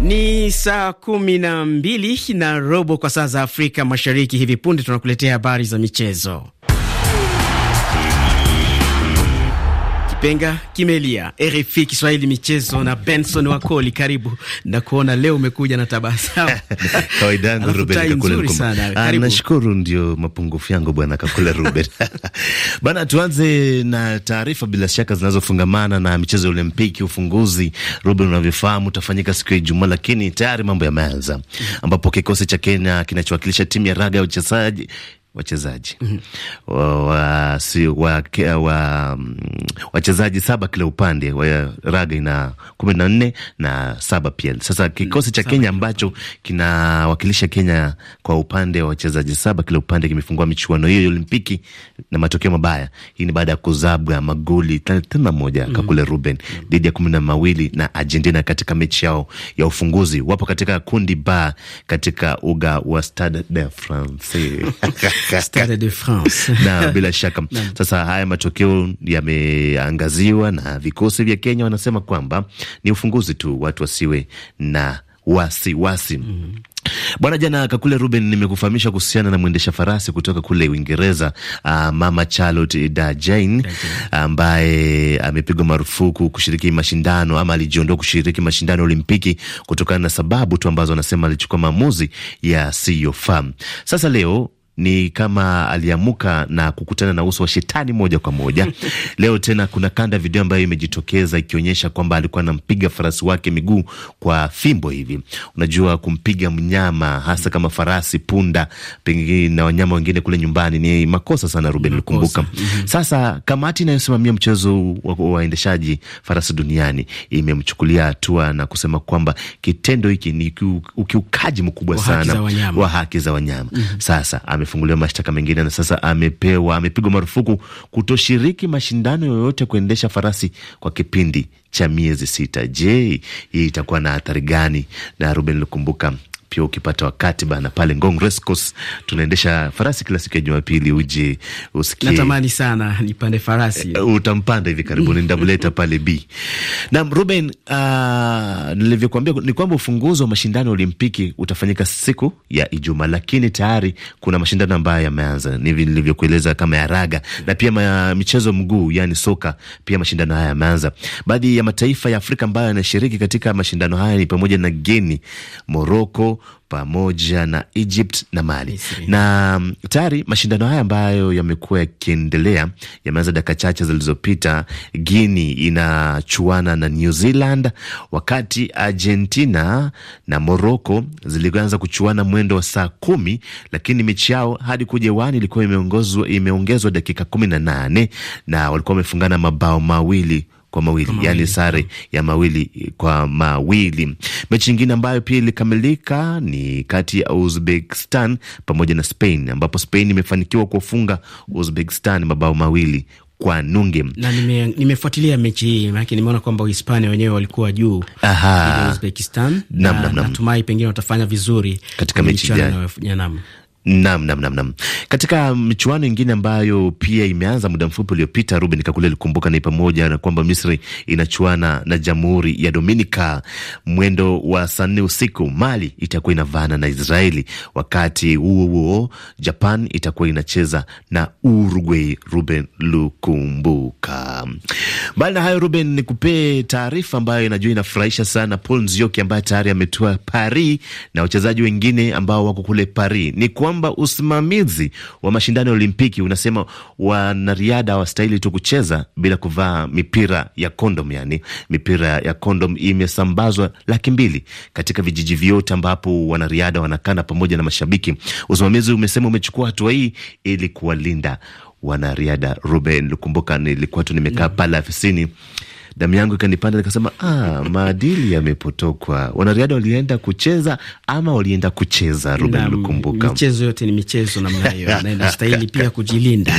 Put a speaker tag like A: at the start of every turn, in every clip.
A: Ni saa kumi na mbili na robo kwa saa za Afrika Mashariki. Hivi punde tunakuletea habari za michezo. Kipenga kimelia. RFI Kiswahili michezo na Benson Wakoli, karibu na kuona leo umekuja na tabasamu
B: kawaida yangu Ruben Kakule sana. Ah, nashukuru, ndio mapungufu yangu bwana Kakule Ruben bana. Tuanze na taarifa bila shaka zinazofungamana na michezo ya Olimpiki. Ufunguzi Ruben, unavyofahamu utafanyika siku ya Ijumaa, lakini tayari mambo yameanza, mm. ambapo kikosi cha Kenya kinachowakilisha timu ya raga ya uchezaji wachezaji mm -hmm. wa, wa, wa, mm, wachezaji saba kila upande wa raga ina kumi na nne na saba pia. Sasa kikosi cha Kenya ambacho kinawakilisha Kenya kwa upande wa wachezaji saba kila upande kimefungua michuano hiyo ya Olimpiki na matokeo mabaya. Hii ni baada ya kuzabwa magoli thelathini na moja mm -hmm. kakule Ruben mm -hmm. dhidi ya kumi na mawili na Argentina katika mechi yao ya ufunguzi. Wapo katika kundi ba katika uga wa Stade de France Stade de France na bila shaka Sasa haya matokeo yameangaziwa na vikosi vya Kenya, wanasema kwamba ni ufunguzi tu, watu wasiwe na wasiwasi wasi. Mm -hmm. Bwana jana Kakule Ruben, nimekufahamisha kuhusiana na mwendesha farasi kutoka kule Uingereza, uh, mama Charlotte da Jane ambaye amepigwa marufuku kushiriki mashindano ama alijiondoa kushiriki mashindano Olimpiki kutokana na sababu tu ambazo anasema alichukua maamuzi yasiyofaa. Sasa leo ni kama aliamuka na kukutana na uso wa shetani moja kwa moja. Leo tena kuna kanda video ambayo imejitokeza ikionyesha kwamba alikuwa anampiga farasi wake miguu kwa fimbo hivi. Unajua, kumpiga mnyama hasa kama farasi, punda, pengine na wanyama wengine kule nyumbani ni makosa sana. Ruben likumbuka. Mm-hmm. Sasa kamati inayosimamia mchezo wa waendeshaji farasi duniani imemchukulia hatua na kusema kwamba kitendo hiki ni ukiukaji mkubwa sana wa haki za wanyama. Mm-hmm. Sasa ame amefunguliwa mashtaka mengine na sasa amepewa amepigwa marufuku kutoshiriki mashindano yoyote kuendesha farasi kwa kipindi cha miezi sita. Je, hii itakuwa na athari gani? Na Ruben Lukumbuka pia ukipata wakati bana pale Ngong Rescos tunaendesha farasi kila siku ya Jumapili, uje usikie. Natamani
A: sana nipande farasi.
B: Uh, utampanda hivi karibuni ndamleta pale B. Na Ruben, uh, nilivyokuambia ni kwamba ufunguzi wa mashindano ya Olimpiki utafanyika siku ya Ijumaa, lakini tayari kuna mashindano ambayo yameanza hivi nilivyokueleza kama ya raga na pia ma, michezo mguu yani soka, pia mashindano haya yameanza. Baadhi ya mataifa ya Afrika ambayo yanashiriki katika mashindano haya ni pamoja na Guinea, Morocco pamoja na Egypt na Mali Misri. Na mm, tayari mashindano haya ambayo yamekuwa yakiendelea yameanza dakika chache zilizopita. Guini inachuana na New Zealand, wakati Argentina na Morocco zilianza kuchuana mwendo wa saa kumi, lakini mechi yao hadi wani ilikuwa imeongezwa dakika kumi na nane na walikuwa wamefungana mabao mawili kwa mawili, yaani sare ya mawili kwa mawili. Mechi nyingine ambayo pia ilikamilika ni kati ya Uzbekistan pamoja na Spain, ambapo Spain imefanikiwa kuwafunga Uzbekistan mabao mawili kwa nunge
A: na nime, nimefuatilia mechi hii maanake nimeona kwamba Uhispania wenyewe walikuwa juu Uzbekistan nam, na, nam. Natumai pengine watafanya vizuri katika mechi ijayo.
B: Nam, nam, nam, nam. Katika michuano ingine ambayo pia imeanza muda mfupi uliopita, Ruben Kakule likumbuka, ni pamoja na kwamba Misri inachuana na Jamhuri ya Dominika mwendo wa saa nne usiku. Mali itakuwa inavana na Israeli. Wakati huo huo, Japan itakuwa inacheza na Uruguay. Ruben lukumbuka. Mbali na hayo, Ruben, ni kupee taarifa ambayo inajua inafurahisha sana Paul Nzioki ambaye tayari ametua Paris na wachezaji wengine ambao wako kule Paris ni kwamba kwamba usimamizi wa mashindano ya Olimpiki unasema wanariadha hawastahili tu kucheza bila kuvaa mipira ya kondom. Yani mipira ya kondom imesambazwa laki mbili katika vijiji vyote ambapo wanariadha wanakana pamoja na mashabiki. Usimamizi umesema umechukua hatua hii ili kuwalinda wanariadha. Ruben, likumbuka nilikuwa tu nimekaa mm. pale afisini damu yangu ikanipanda, nikasema ah, maadili yamepotokwa. Wanariadha walienda kucheza ama walienda kucheza? Ruben Lukumbuka, michezo
A: yote ni michezo namna
B: hiyo na inastahili pia kujilinda.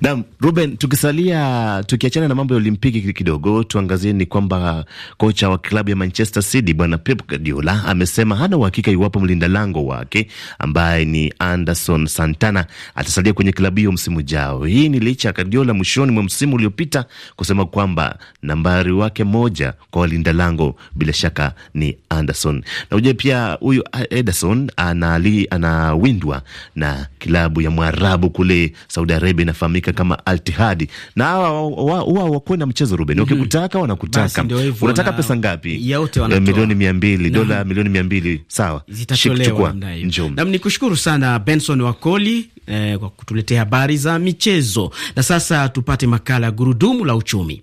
B: Naam, Ruben, tukisalia tukiachana na mambo ya Olimpiki kidogo, tuangazie ni kwamba kocha wa klabu ya Manchester City bwana Pep Guardiola amesema hana uhakika iwapo mlinda lango wake ambaye ni Anderson Santana atasalia kwenye klabu hiyo msimu jao. Hii ni licha ya Guardiola mwishoni mwa msimu uliopita kusema kwamba namba mwanahabari wake moja kwa walinda lango, bila shaka ni Anderson. Na uje pia huyu Ederson anawindwa na kilabu ya Mwarabu kule Saudi Arabia inafahamika kama Altihadi, na hawa wa, wa, wa, na mchezo Ruben, mm -hmm. ukikutaka wanakutaka. Unataka pesa ngapi? Yote eh, wanatoa Milioni mia mbili dola milioni mia mbili Sawa, zitatolewa njum.
A: Nam ni kushukuru sana Benson Wakoli eh, kwa kutuletea habari za michezo, na sasa tupate makala ya gurudumu la uchumi.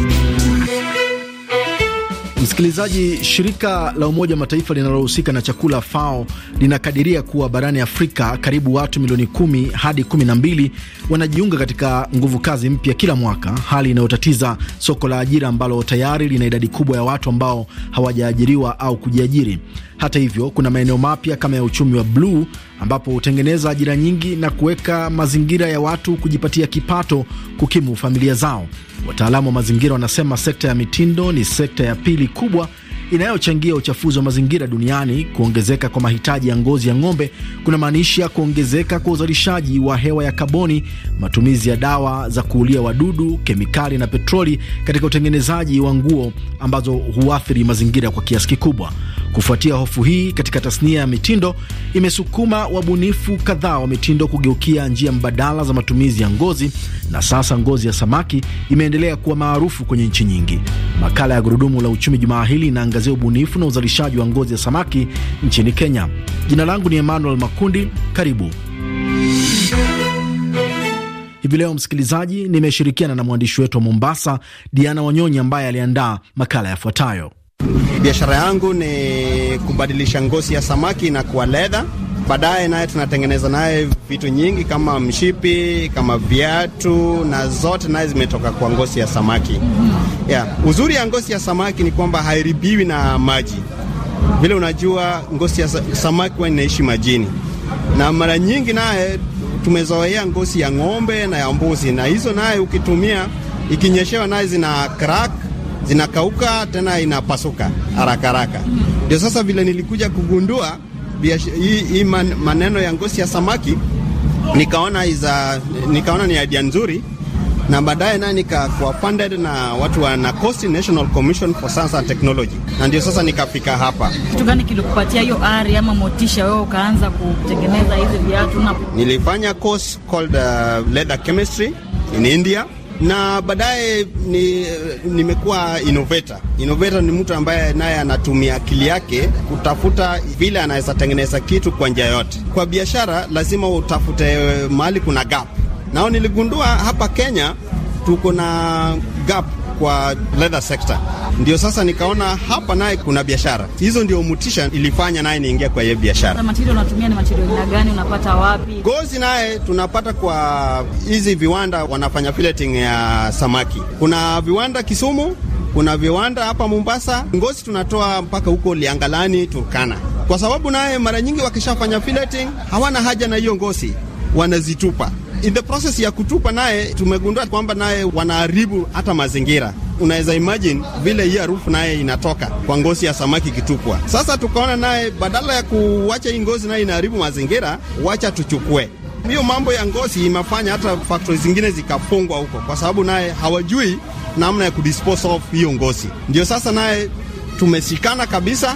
C: Msikilizaji, shirika la Umoja wa Mataifa linalohusika na chakula FAO linakadiria kuwa barani Afrika karibu watu milioni kumi hadi kumi na mbili wanajiunga katika nguvu kazi mpya kila mwaka, hali inayotatiza soko la ajira ambalo tayari lina idadi kubwa ya watu ambao hawajaajiriwa au kujiajiri. Hata hivyo, kuna maeneo mapya kama ya uchumi wa bluu ambapo hutengeneza ajira nyingi na kuweka mazingira ya watu kujipatia kipato kukimu familia zao. Wataalamu wa mazingira wanasema sekta ya mitindo ni sekta ya pili kubwa inayochangia uchafuzi wa mazingira duniani. Kuongezeka kwa mahitaji ya ngozi ya ng'ombe kunamaanisha kuongezeka kwa uzalishaji wa hewa ya kaboni, matumizi ya dawa za kuulia wadudu, kemikali na petroli katika utengenezaji wa nguo ambazo huathiri mazingira kwa kiasi kikubwa. Kufuatia hofu hii katika tasnia ya mitindo, imesukuma wabunifu kadhaa wa mitindo kugeukia njia mbadala za matumizi ya ngozi, na sasa ngozi ya samaki imeendelea kuwa maarufu kwenye nchi nyingi. Makala ya Gurudumu la Uchumi jumaa hili inaangazia ubunifu na uzalishaji wa ngozi ya samaki nchini Kenya. Jina langu ni Emmanuel Makundi, karibu. Hivi leo msikilizaji, nimeshirikiana na mwandishi wetu wa Mombasa, Diana Wanyonyi, ambaye aliandaa makala yafuatayo.
A: Biashara yangu ni kubadilisha ngozi ya samaki na kuwa ledha, baadaye naye tunatengeneza naye vitu nyingi kama mshipi, kama viatu na zote naye zimetoka kwa ngozi ya samaki. Yeah. Uzuri ya ngozi ya samaki ni kwamba hairibiwi na maji. Vile unajua ngozi ya samaki inaishi majini, na mara nyingi naye tumezoea ngozi ya ng'ombe na ya mbuzi, na hizo naye ukitumia ikinyeshewa naye zina crack zinakauka tena inapasuka haraka haraka. Ndio sasa vile nilikuja kugundua hii, man, maneno ya ngozi ya samaki nikaona iza, nikaona ni idea nzuri na baadaye naye nikakuwa funded na watu wa NACOSTI, National Commission for Science and Technology, na ndio sasa nikafika hapa.
D: Kitu gani kilikupatia hiyo ari ama motisha wewe ukaanza kutengeneza hizi viatu? Na
A: nilifanya course called uh, leather chemistry in India na baadaye nimekuwa innovator. Innovator ni mtu ambaye naye anatumia akili yake kutafuta vile anaweza tengeneza kitu kwa njia yote. Kwa biashara lazima utafute mahali kuna gap, nao niligundua hapa Kenya tuko na gap kwa leather sector. Ndio sasa nikaona hapa naye kuna biashara hizo, ndio mutisha ilifanya naye niingia kwa hiyo biashara.
D: Matirio unatumia ni gani? Unapata wapi
A: gozi? Naye tunapata kwa hizi viwanda, wanafanya filleting ya samaki. Kuna viwanda Kisumu, kuna viwanda hapa Mombasa. Ngozi tunatoa mpaka huko Liangalani, Turkana, kwa sababu naye mara nyingi wakishafanya filleting hawana haja na hiyo ngozi, wanazitupa In the process ya kutupa naye tumegundua kwamba naye wanaharibu hata mazingira. Unaweza imagine vile hii harufu naye inatoka kwa ngozi ya samaki kitupwa Sasa tukaona naye badala ya kuwacha hii ngozi naye inaharibu mazingira, wacha tuchukue hiyo mambo ya ngozi imefanya hata factory zingine zikafungwa huko, kwa sababu naye hawajui namna ya kudispose of hiyo ngozi. Ndio sasa naye tumeshikana kabisa.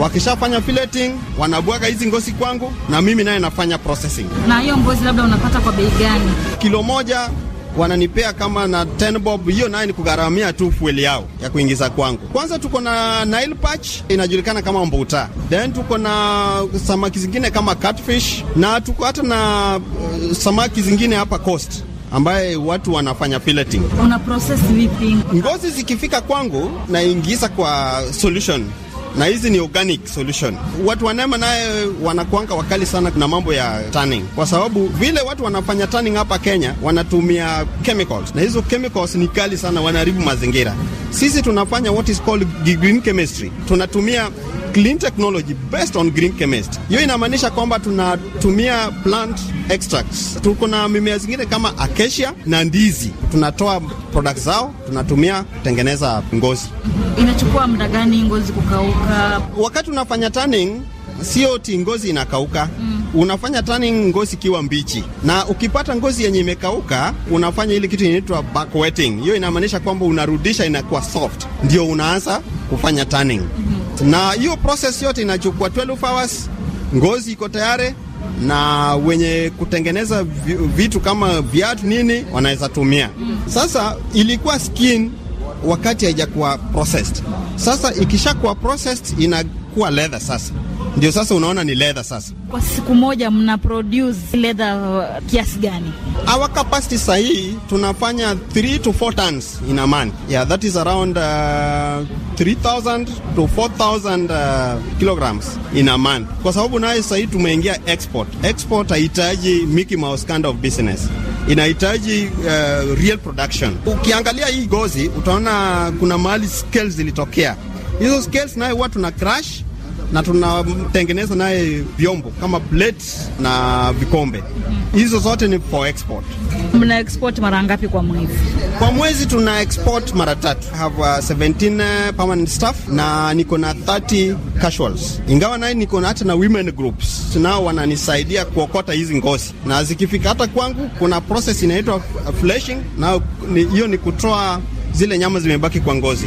A: Wakishafanya filleting wanabwaga hizi ngozi kwangu, na mimi naye nafanya processing. Na hiyo ngozi labda unapata kwa bei gani? Kilo moja wananipea kama na 10 bob, hiyo naye ni kugharamia tu fueli yao ya kuingiza kwangu. Kwanza tuko na Nile perch inajulikana kama mbuta, then tuko na samaki zingine kama catfish, na tuko hata na uh, samaki zingine hapa coast ambaye watu wanafanya pelleting. Una process vipi? Ngozi zikifika kwangu naingiza kwa solution na hizi ni organic solution. Watu wanema naye wanakuanga wakali sana na mambo ya tanning, kwa sababu vile watu wanafanya tanning hapa Kenya wanatumia chemicals, na hizo chemicals ni kali sana, wanaharibu mazingira. Sisi tunafanya what is called green chemistry, tunatumia clean technology based on green chemist. Hiyo inamaanisha kwamba tunatumia plant extracts. Tuko na mimea zingine kama acacia na ndizi, tunatoa products zao, tunatumia kutengeneza ngozi.
D: Inachukua muda gani ngozi
A: kukauka? Wakati unafanya tanning, sio ti ngozi inakauka mm. Unafanya tanning ngozi ikiwa mbichi, na ukipata ngozi yenye imekauka unafanya ile kitu inaitwa back wetting. Hiyo inamaanisha kwamba unarudisha, inakuwa soft, ndio unaanza kufanya tanning. Mhm na hiyo process yote inachukua 12 hours. Ngozi iko tayari na wenye kutengeneza vitu kama viatu nini wanaweza tumia. Sasa ilikuwa skin wakati haijakuwa processed. Sasa ikishakuwa processed inakuwa leather sasa ndio sasa unaona ni ledha. Sasa
D: kwa siku moja mna produce ledha uh, kiasi gani? Our capacity sahi tunafanya 3
A: to 4 tons in a month. Yeah, that is around uh, 3000 to 4000 uh, kilograms in a month. Kwa sababu naye sahi tumeingia export. Export haihitaji Mickey Mouse kind of business. Inahitaji uh, real production. Ukiangalia hii gozi utaona kuna mahali scales zilitokea. Hizo scales naye huwa tuna crush na tunatengeneza naye vyombo kama plate na vikombe. Hizo zote ni for export.
D: Mna export mara ngapi kwa mwezi?
A: Kwa mwezi tuna export mara tatu. I Have 17 uh, uh, permanent staff na niko na 30 casuals, ingawa naye niko na hata na women groups nao wananisaidia kuokota hizi ngozi, na zikifika hata kwangu kuna process inaitwa fleshing, na hiyo ni kutoa zile nyama zimebaki kwa ngozi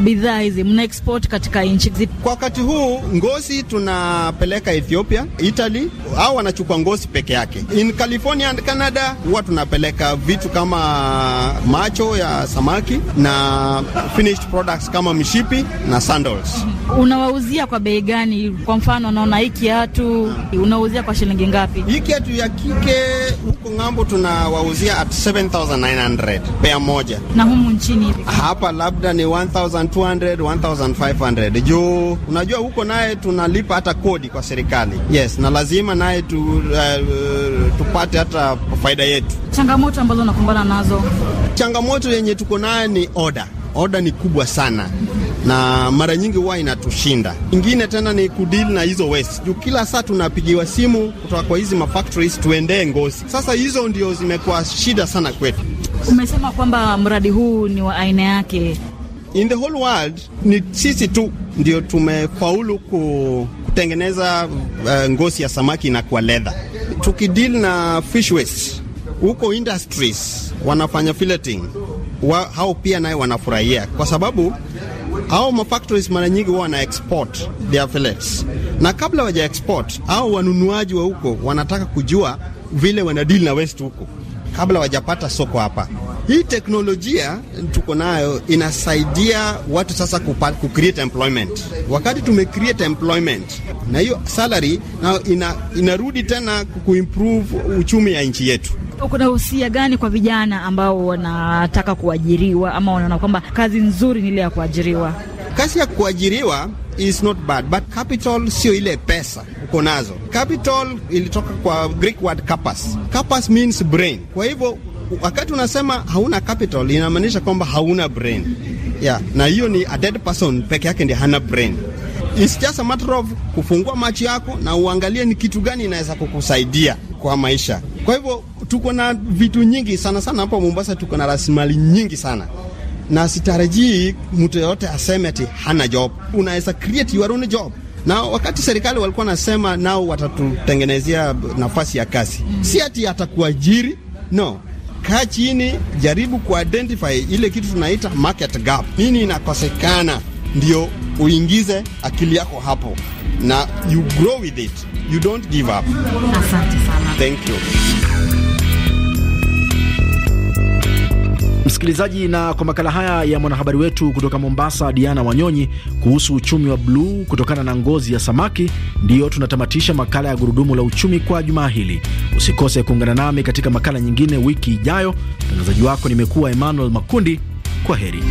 A: bidhaa hizi mna export katika nchi zipi? Kwa wakati huu ngozi tunapeleka Ethiopia, Italy, au wanachukua ngozi peke yake. In California and Canada huwa tunapeleka vitu kama macho ya samaki na finished products kama mishipi na sandals.
D: Mm-hmm. Unawauzia kwa bei gani? Kwa mfano naona hii kiatu unawauzia kwa shilingi ngapi? Hii kiatu ya kike
A: huko ng'ambo tunawauzia at 7900 pea moja,
D: na humu nchini
A: hapa labda ni 1000 1200 1500 juu unajua huko naye tunalipa hata kodi kwa serikali. Yes, na lazima naye tu, uh, tupate hata faida yetu.
D: Changamoto ambazo nakumbana nazo,
A: changamoto yenye tuko naye ni oda. Oda ni kubwa sana na mara nyingi huwa inatushinda. Ingine tena ni kudil na hizo waste, juu kila saa tunapigiwa simu kutoka kwa hizi mafactories tuendee Ngozi. Sasa hizo ndio zimekuwa shida sana kwetu.
D: Umesema kwamba mradi huu ni wa aina yake, in the whole world
A: ni sisi tu ndio tumefaulu ku kutengeneza uh, ngozi ya samaki na kwa leather. Tukideal na fish waste huko industries wanafanya filleting wa, hao pia naye wanafurahia kwa sababu hao mafactories mara nyingi huwa wana export their fillets, na kabla waja export au wanunuaji wa huko wanataka kujua vile wana na waste huko kabla wajapata soko hapa. Hii teknolojia tuko nayo inasaidia watu sasa kupa, kucreate employment. Wakati tumecreate employment na hiyo salary na ina, inarudi tena kuimprove uchumi ya nchi yetu.
D: Kuna usia gani kwa vijana ambao wanataka kuajiriwa ama wanaona kwamba kazi nzuri ni ile ya kuajiriwa?
A: Kazi ya kuajiriwa is not bad but capital sio ile pesa uko nazo. Capital ilitoka kwa Greek word kapas. Kapas means brain. Kwa hivyo Wakati unasema hauna capital, inamaanisha kwamba hauna brain yeah. Na hiyo ni a dead person peke yake ndiye hana brain. It's just a matter of kufungua macho yako na uangalie ni kitu gani inaweza kukusaidia kwa maisha. Kwa hivyo tuko na vitu nyingi sana sana hapa Mombasa, tuko na rasilimali nyingi sana na sitarajii mtu yoyote aseme ati hana job. Unaweza create your own job na wakati serikali walikuwa nasema nao watatutengenezea nafasi ya kazi, si ati atakuajiri no, kaa chini, jaribu kuidentify ile kitu tunaita market gap, nini inakosekana, ndio uingize akili yako hapo na you grow with it, you don't
C: give up.
D: Asante sana,
A: thank you.
C: msikilizaji. Na kwa makala haya ya mwanahabari wetu kutoka Mombasa, Diana Wanyonyi, kuhusu uchumi wa bluu kutokana na ngozi ya samaki, ndiyo tunatamatisha makala ya gurudumu la uchumi kwa jumaa hili. Usikose kuungana nami katika makala nyingine wiki ijayo. Mtangazaji wako nimekuwa Emmanuel Makundi. Kwa heri.